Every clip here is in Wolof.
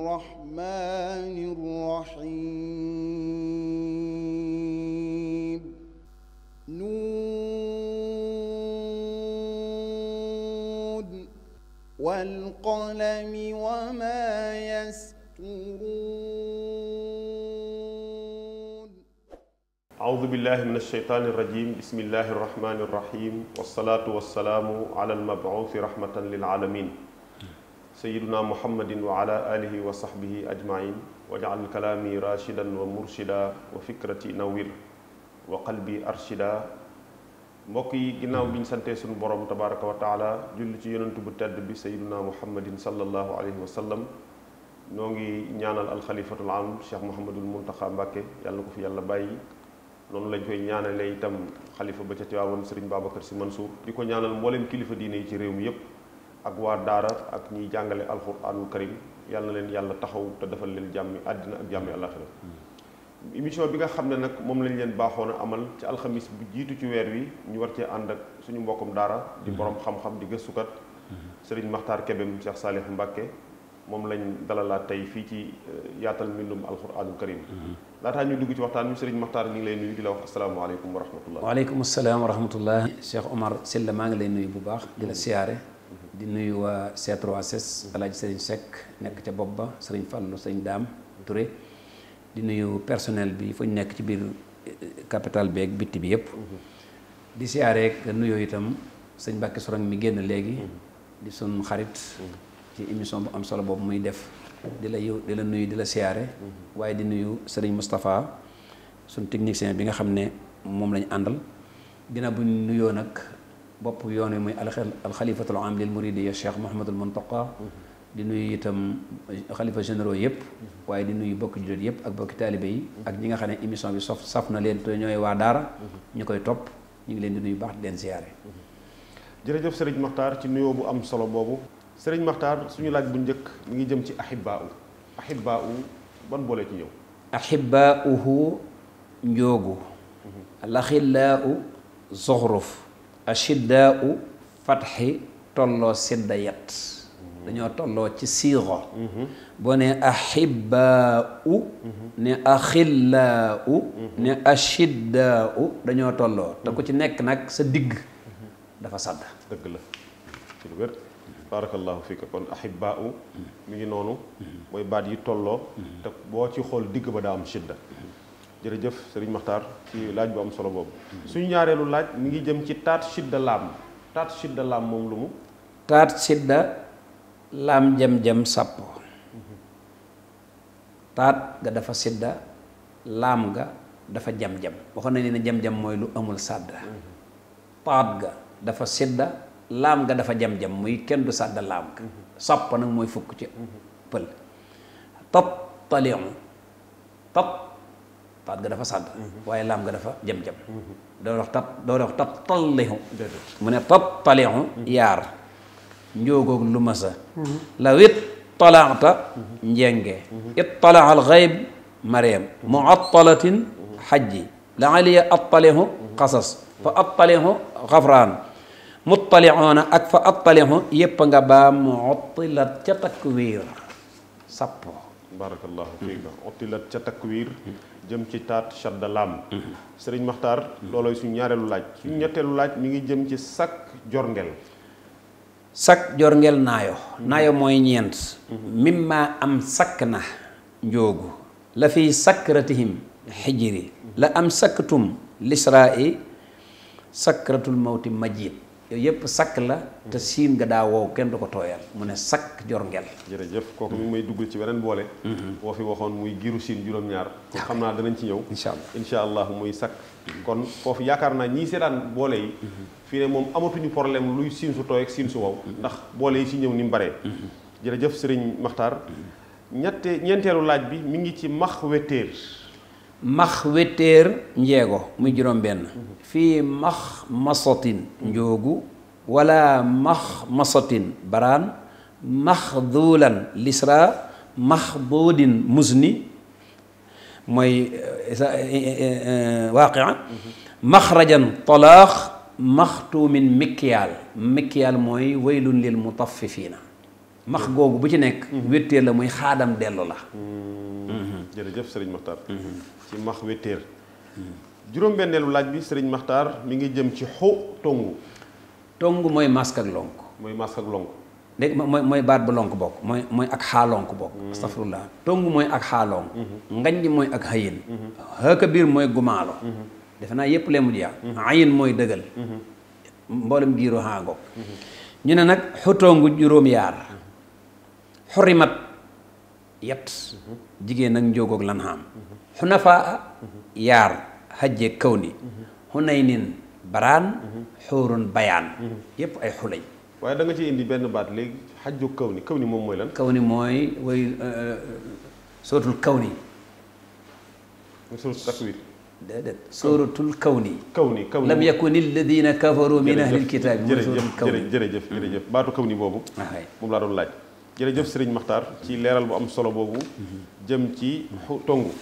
الرحمن الرحيم نون والقلم وما يسطرون أعوذ بالله من الشيطان الرجيم بسم الله الرحمن الرحيم والصلاة والسلام على المبعوث رحمة للعالمين sayiduna muhammadin wa ala alihi wa sahbihi ajmain wajal kalaami rashidan wa murshida wa fikrati nawir wa qalbi arshida mbokk yi ginnaaw bi ñu santee suñu borom tabaraka wa taala julli ci yonentu bu tedd bi sayiduna muhammadin sallallahu alayhi wa sallam noo ngi ñaanal alxalifatul am cheikh muhammadul muntaxa mbàkke yàlla ko fi yàlla bàyyi noonu lañ koy ñaanalee itam xalifa ba ca Tiwaawan sëriñ Babacar Si Mansour di ko ñaanal mbooleem kilifa diine ci réew mi yépp ak waa daara ak ñuy jàngale alxuraanul karim yàlla na leen yàlla taxaw te defal leen jàmmi àddina ak jàmmi àllaaxira émission bi nga xam ne nag moom lañ leen baaxoon a amal ci alxamis bu jiitu ci weer wi ñu war cee ànd ak suñu mbokkum daara di mm-hmm. borom xam-xam di gëstukat mm-hmm. sëriñ maxtaar kebem Cheikh Salih Mbacke moom lañ dalalaat tey fii ci eh, yaatal mbindum alxuraanul karim mm-hmm. laataa ñu dugg ci waxtaan bi sëriñ maxtaar ñu ngi lay nuyu di la wax asalaamaaleykum wa rahmatullah waaleykum asalaam wa rahmatullah maa ngi lay nuyu bu baax di la siyaare di nuyu waa C3S El Hadj nekk ca bopp ba sëriñ Fallou Serigne daam Touré di nuyu personnel bi fu nekk ci biir eh, capital beeg bitti bi yëpp. Mm-hmm. di siyaareek nuyoo itam sëñ Mbacke Sorong mi génn léegi. Mm-hmm. di sun xarit. Mm-hmm. ci émission bu am solo boobu muy def. di la yow di la nuyu di la siyaare waaye di nuyu Serigne Moustapha suñ technicien bi nga xam ne moom lañ àndal. dina bu nuyoo nag. bopp yoon wi muy alxalifatul am lil muridiya cheikh Mouhamadul Muntaqa mm-hmm. di nuyu itam xalifa généraux yëpp waaye di nuyu bokki jullit yëpp ak bokki taalibe yi ak ñi nga xam ne émission bi sof saf na leen te ñooy waa daara mm-hmm. ñu koy topp ñu ngi leen di nuyu baax di leen ziyaare mm-hmm. jërëjëf sëriñ Maxtaar ci nuyoo bu am solo boobu sëriñ Maxtaar suñu laaj bu njëkk mu ngi jëm ci ahibbaa u ahibbaa u ban boole ci ñëw ahibbaa uhu njoogu laxillaa u ashiddaau fatxi tolloo sidda yat dañoo tolloo ci siigo boo ne axibaau ne axillaau ne ashiddaau dañoo tolloo te ku ci nekk nag sa digg dafa sàdd dëgg la ci lu wér barakallahu fika kon ngi noonu mooy baat yi tolloo te boo ci xool digg ba daa am shidda jërëjëf sëriñ Maxtaar ci laaj bu am solo boobu. su ñaareelu laaj mi ngi jëm ci taat sidda laam taat sidda laam moom lu mu. taat sidda laam jëm jëm sàpp taat ga dafa sidda ga dafa jam jam waxoon xam ne jam jam mooy lu amul sàdda taat ga dafa sidda laam ga dafa jam jam muy kenn du sàdda laam ga sàpp nag mooy fukk ci pël tat talion tat baat ga dafa sàdd mhm. waaye laam ga dafa jëm-jëm mhm. doo wax tab doo wax tab tallihu mu ne tab talihu mhm. yaar njoogoog lu masa law it talaata njenge it talaa al xayb mareem mu attalatin xajji la aliya attalihu xasas fa attalihu xafraan muttalixoona ak fa attalihu yépp nga baa mu ottilat ca takk wiir sappo barakallahu fiik ottilat ca takk wiir jëm ci taat shadda laam mhm. sëriñ maxtaar mhm. loolooy ñaareelu laaj suñu mhm. ñetteelu laaj mi ngi jëm ci sak jorngel sak jorngel mooy ñeent mimma am sakk na njoogu la fi sakratihim xijiri la am saktum lisraa i sakratul mawti majid yooyu yëpp sakk la te siin nga daa woow kenn du ko tooyal mu ne sakk jor ngel jërëjëf kooku mi ngi may dugg ci beneen boole boo mm-hmm. fi waxoon muy giru siin juróom-ñaar xam naa danañ ci ñëw incha allah incha allah muy sakk mm-hmm. kon foofu yaakaar naa ñii seetaan boole yi mm-hmm. fii ne moom amatuñu problème luy siin su tooy ak siin su wow ndax boole yi ci ñëw ni mu baree jërëjëf sëriñ Maxtaar ñette ñeenteelu laaj bi mu ngi ci max wettéer max wetteer njeego muy juróom benn fii max masotin njoogu wala max masotin baraan max duulan lisra max boodin musni mooy waaqia maxrajan max maxtuumin mikkiyaal mikkiyaal mooy waylun lil mutaffifiina max googu bu ci nekk wetteer la muy xaadam dellu la hmm. Hmm. jërëjëf sëriñ Maxtaar mm-hmm. ci max wetteer juróom-benneelu laaj bi sëriñ Maxtaar mi ngi jëm ci xu tongu tongu mooy masque ak lonk mooy masque ak lonk dégg mooy mooy baat bu lonk bokk mooy mooy ak xaalonk bokk mm-hmm. astafurlah tongu mooy ak xaalonk mm-hmm. ngañ mooy ak xëyin xëkka biir mooy gumaalo defe naa yépp lee mu jeex ayin mooy dëgal mboolem giiru xaa gokk ñu ne nag xutongu juróom yaar xurimat yat jigéen ak njóogoog lan xam xunafaa yaar xajje kaw ni xunay nin baraan xuurun bayaan yépp ay xulay waaye danga nga ci indi benn baat léegi xajju kaw ni kaw ni moom mooy lan kaw ni mooy way sootul kaw ni kaw takwir kaw ni kawni. kawni kawni lam yakuni alladina kafaru min ahli alkitaab. jërëjëf jërëjëf jërëjëf baatu kawni boobu. moom laa doon laaj. jërëjëf sëriñ Maxtaar ci leeral bu am solo boobu jëm ci tongu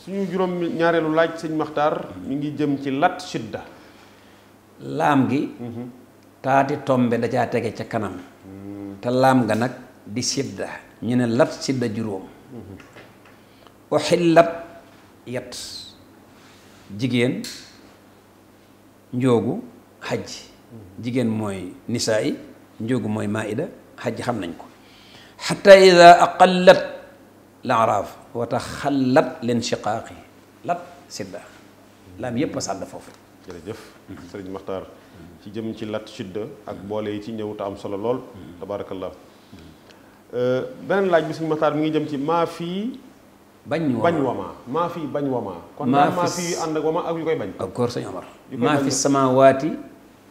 suñu juróom ñaareelu laaj sëñ Maxtaar mu ngi jëm ci lat shidda laam gi mhm. taati tombe da caa tege ca kanam mm. te laam nga nag di sidda ñu ne lat sidda juróom mhm. uxillat yat jigéen njoogu xaj mhm. jigéen mooy nisaa yi mooy mooy maida xaj xam nañ ko xata ida aqallat laaraaf wa taxallat leen shiqaaqi lat sidda laam yépp a sàdd foofu jërëjëf sëriñ Maxtaar ci jëm ci lat sidda ak boole yi ci ñëw te am solo lool tabaarakallah euh, beneen laaj bi sëriñ Maxtaar mi ngi jëm ci maa fii bañ wama maa fii bañ wama kon maa fii ànd ak wama ak yu koy bañ ak koor sëñ Omar maa fi samawaati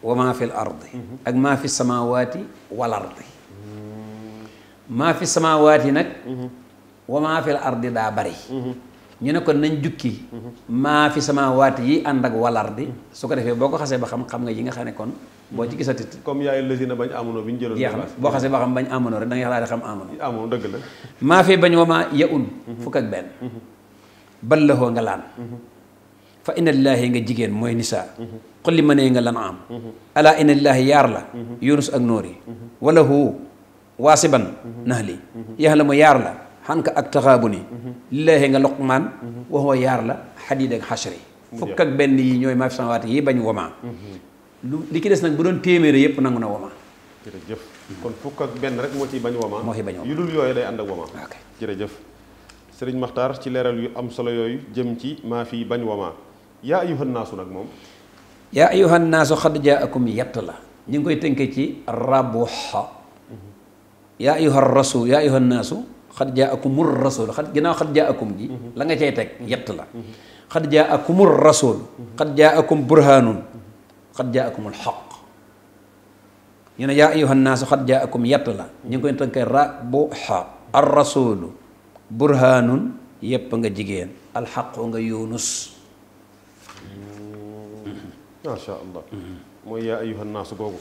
wa maa fi l ardi mhm. ak maa fi samawaati wal ardi maa fi samaawaat yi nag mhm. wa maa fi ardi daa bari mhm. ñu ne kon nañ jukki mhm. maa fi waat yi ànd ak walardi su ko defee boo ko xasee ba xam xam nga yi nga xam ne kon boo ci gisati comme yaay lësina bañ amono bi ñu jëloon jeex na boo xasee ba xam bañ amono rek da nga xalaat xam amono amono dëgg la maa fi bañ wa maa ya un fukk ak benn bal nga laan fa inna lillaahi nga jigéen mooy nisaa xulli ma nee nga lan am ala inna lillaahi yaar la yunus ak noor yi waasiban mhm. nahli yaxlamu yaar la xanka ak taxaabuni mhm. lillaahi nga loqmaan mhm. waxoo yaar la xadiid ak xashri fukk ak benn yi ñooy maa fi samawaati yi bañ wama lu li ki des nag bu doon téeméeri yëpp nangu na wama jërëjëf kon fukk benn rek moo ciy bañ wama bañ wama yu dul yooyu day ànd ak wama ok maxtar ci leeral yu am solo yooyu jëm ci maa fi bañ wama yaa ayuhan naasu nag moom yaa ayuhan naasu xad yett la ñu ngi koy tënkee ci rabuxa yaa ayuha rasul yaa ayuha naasu xad jaa akumur rasul xad mhm. la nga cay teg mhm. yett la xad mhm. jaa akumur rasul burhanun xad jaa akumul ñu ne yaa ayuha naasu xad jaa akum la ñu ngi koy tënkee ra bu xa ar burhanun yépp nga jigéen alxaqu nga yunus mm. macha allah mooy yaa ayuha naasu googu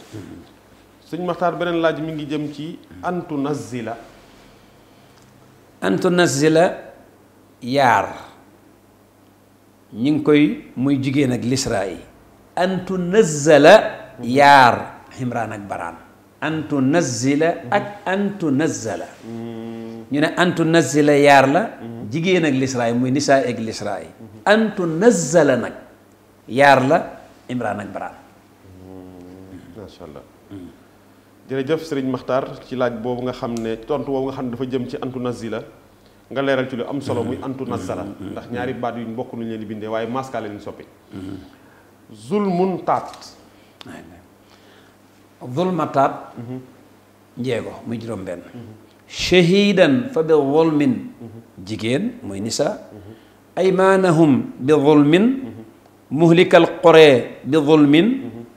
suñ Maxtaar beneen laaj mi ngi jëm ci antu nazila antu nazila yaar ñu ngi koy muy jigéen ak listraay yi antu nazala yaar ximraan ak baraan antu nazila ak antu ñu ne antu nazila yaar la jigéen ak lisra muy nisaa ak lisra yi antu nazala nag yaar la imraan ak baraan mm-hmm. jërëjëf sëriñ maxtar ci laaj boobu nga xam ne tontu boobu nga xam ne dafa jëm ci antu la nga leeral ci lu am solo muy antu nazara mm-hmm. Mm-hmm. ndax ñaari baat yuñ bokk nuñ leen di bindee waaye maska leen soppi mm-hmm. zulmun taat zulma taat njeego muy juróom benn shahidan fa bi zulmin jigéen muy nisa aymaanahum bi zulmin muhlikal quree bi zulmin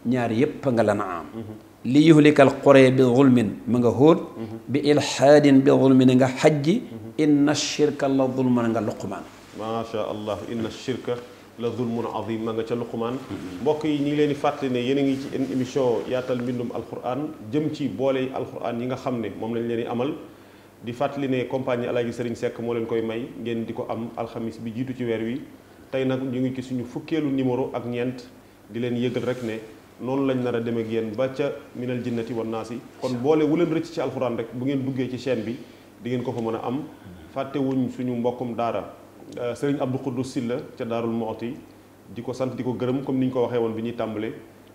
ñaari yépp nga lan am li yuhlikal quree bi zulmin mu nga hóot bi ilhaadin bi zulmin nga xajji inna shirka la zulman nga luqmaan maasha allah inna shirka la zulmun azim ma nga ca luqmaan mbokk yi ñu leen di fàttali ne yéen a ngi ci en émission yaatal mbindum alquran jëm ci boole yi alquran yi nga xam ne moom lañ leen di amal di fàttali ne compagnie Alaaji Sëriñ Seck moo leen koy may ngeen di ko am alxamis bi jiitu ci weer wi tey nag ñu ngi ci suñu fukkeelu numéro ak ñeent di leen yëgal rek ne noonu lañ nar a demee ak yéen ba ca minal jinnati wan naas yi kon boole wu leen rëcc ci alxuraan rek bu ngeen duggee ci chaîne bi di ngeen ko fa mën a am fàttewuñ suñu mbokkum daara euh, sëriñ Abdou Khoudous Silla ca Daarul Mooti di ko sant di ko gërëm comme ni ñu ko waxee woon bi ñuy tàmbalee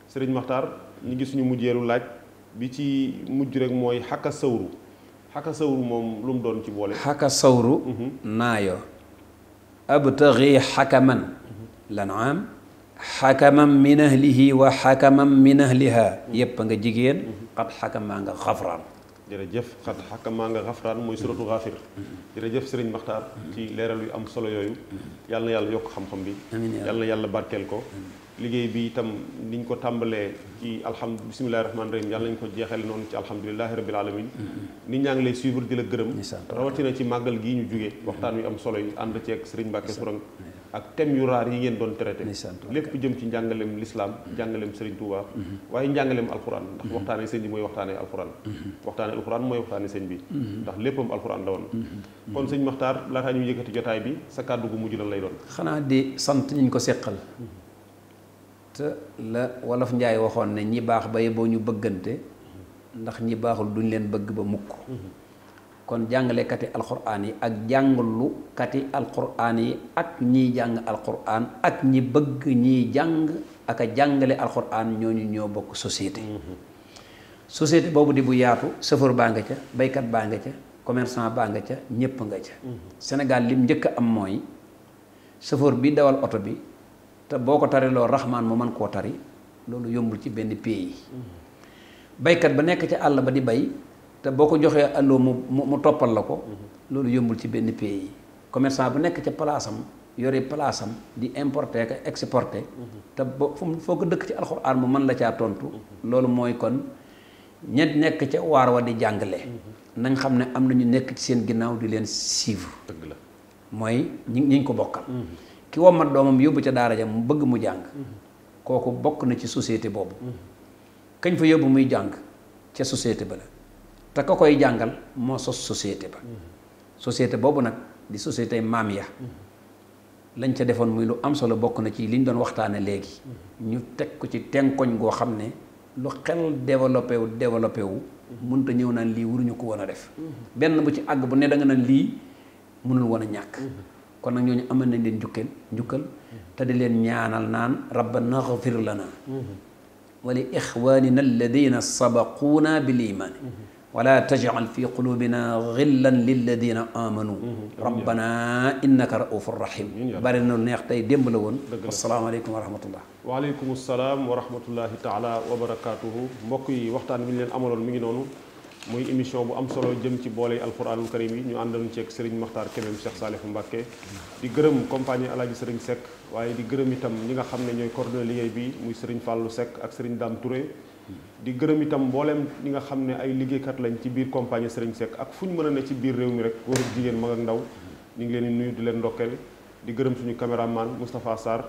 sëriñ Maxtaar ñu ngi suñu mujjeelu laaj bi ci mujj rek mooy xakka sawru xakka sawru moom lu mu doon ci boole xakka sawru mhm. naayo abtaghi xakaman lan am xakaman min ahlihi wa xakaman min ahliha yépp nga jigéen xat xakamaa nga xafraan jërëjëf xat xakamaa nga xafraan mooy suratu xaafir jërëjëf sëriñ maxtaar ci leeral yu am solo yooyu yàlla yàlla yokk xam-xam bi yàlla na yàlla barkeel ko liggéey bi itam ñu ko tàmbalee ci alhamdu bisimilahi rahmaani rahim yàlla nañ ko jeexale noonu ci alhamdulilahi rabil alamin nit ñaa ngi lay suivre di la gërëm rawatina ci màggal gii ñu jóge waxtaan wi am solo yu ànd ceeg sëriñ Mbàkke Sourang ak thèmes yu raar yi ngeen doon traité lépp jëm ci njàngaleem lislaam njàngaleem Serigne Touba mm-hmm. waaye njàngaleem alxuraan ndax mm-hmm. waxtaane sëñ bi mooy waxtaane alxuraan mm-hmm. waxtaane alxuraan mooy waxtaane sëñ bi ndax léppam alxuraan la woon kon sëñ Maxtaar laataa ñu yëkkati jotaay bi sa kàddu gu mujj lan lay doon xanaa de sant ñu ko seqal te la wolof njaay waxoon ne ñi baax ba yeboo ñu bëggante ndax ñi baaxul duñ leen bëgg ba mukk kon jàngalekati alquran yi ak jàngalukati alquran yi ak ñiy jàng alquran ak ñi bëgg ñiy jàng ak jàngale jàngale alquran ñooñu ñoo bokk société. société boobu di bu yaatu chauffeur baa nga ca baykat baa nga ca commerçant baa nga ca ñëpp nga ca. Mhm. Sénégal lim njëkk am mooy chauffeur bi dawal oto bi te boo ko tari loolu raxmaan mu mën koo tari loolu yombul ci benn pays. Mhm. baykat ba nekk ca àll ba di bay. te boo ko joxee alloo mu mu toppal la ko loolu yombul ci benn pays yi commerçant bu nekk ca palaasam yore palaasam di importer ka exporter te ba fu foo ko dëkk ci alxuraan mu mën la caa tontu loolu mooy kon ña nekk ca waar wa di jàngale nañ xam ne am na ñu nekk ci seen ginnaaw di leen suivre dëgg la mooy ñi ñi ko bokkal ki wommat doomam yóbbu ca daara ja mu bëgg mu jàng kooku bokk na ci société boobu kañ fa yóbbu muy jàng ca société ba la te ka koy jàngal moo sos société ba société boobu nag di société maam ya lañ ca defoon muy lu am solo bokk na ci liñ doon waxtaane léegi ñu teg ko ci tenkoñ goo xam ne lu xel développé wu développé wu mënta ñëw naan lii waruñu ko woon a def benn bu ci àgg bu ne da nga naan lii mënul woon a ñàkk kon nag ñooñu amal nañ leen njukkal njukkal te di leen ñaanal naan rabbana xfir lana wa li ixwanina alladina sabaquuna bil imaani wala tajal fi qulubina xillan lilladina amanu rabbana innaka raufur rahim bari na neex tey démb la woon asalaamaaleykum wa rahmatullah waaleykum salaam wa rahmatullahi taala wa barakatuhu mbokk yi waxtaan bi ñu leen amaloon mi ngi noonu muy émission bu am solo jëm ci boole alquranul karim yi ñu àndoon ceeg Serigne Makhtar Kébem Cheikh Salifou Mbacké di gërëm compagnie Alaaji Serigne Seck waaye di gërëm itam ñi nga xam ne ñooy coordonné liggéey bi muy Serigne Fallou Seck ak Serigne Dame Touré di gërëm itam mbooleem ñi nga xam ne ay liggéeykat lañ ci biir compagnie Serigne Seck ak fu ñu mën a ci biir réew mi rek góor ak jigéen mag ak ndaw ñu ngi leen di nuyu di leen ndokkeel di gërëm suñu caméraman Moustapha Sarr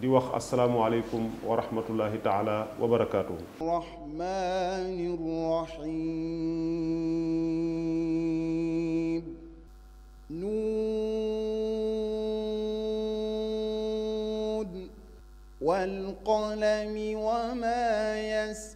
di wax asalaamualeykum wa rahmatullahi taala wa barakaatu. rahmaani rahim. والقلم وما يسرون